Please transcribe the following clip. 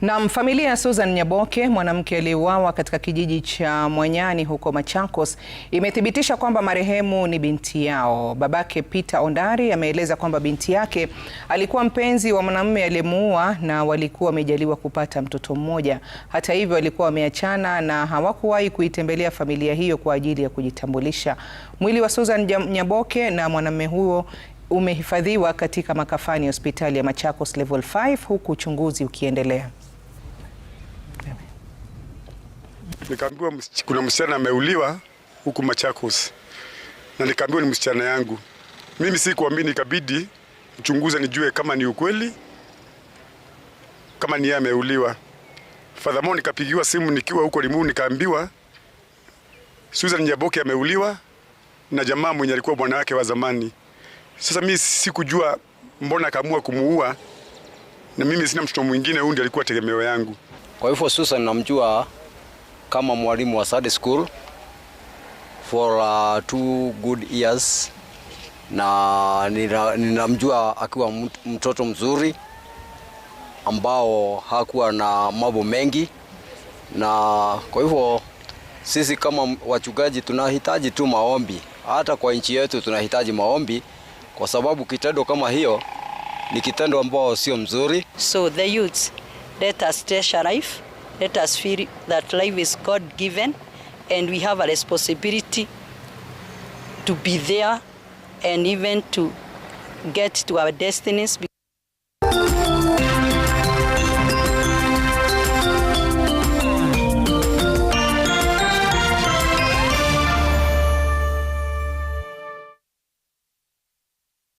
Na familia ya Susan Nyaboke, mwanamke aliyeuawa katika kijiji cha Mwanyani huko Machakos, imethibitisha kwamba marehemu ni binti yao. Babake Peter Ondari ameeleza kwamba binti yake alikuwa mpenzi wa mwanamume aliyemuua na walikuwa wamejaliwa kupata mtoto mmoja. Hata hivyo, walikuwa wameachana na hawakuwahi kuitembelea familia hiyo kwa ajili ya kujitambulisha. Mwili wa Susan Nyaboke na mwanamume huo umehifadhiwa katika makafani ya hospitali ya Machakos Level 5 huku uchunguzi ukiendelea. nikaambiwa kuna msichana ameuliwa huku Machakos, na nikaambiwa ni msichana yangu. Mimi sikuamini, ikabidi mchunguze nijue kama ni ukweli, kama ni yeye ameuliwa. Furthermore, nikapigiwa simu nikiwa huko Limuru, nikaambiwa Susan Nyaboke ameuliwa na jamaa mwenye alikuwa bwana wake wa zamani. Sasa mimi sikujua mbona akaamua kumuua, na mimi sina mtoto mwingine, huyu ndiye alikuwa tegemeo yangu. Kwa hivyo Susan namjua kama mwalimu wa Sunday school for uh, two good years na ninamjua akiwa mtoto mzuri ambao hakuwa na mambo mengi, na kwa hivyo sisi kama wachungaji tunahitaji tu maombi. Hata kwa nchi yetu tunahitaji maombi, kwa sababu kitendo kama hiyo ni kitendo ambao sio mzuri. So the youths let us stay life Let us feel that life is God given and we have a responsibility to be there and even to get to our destinies.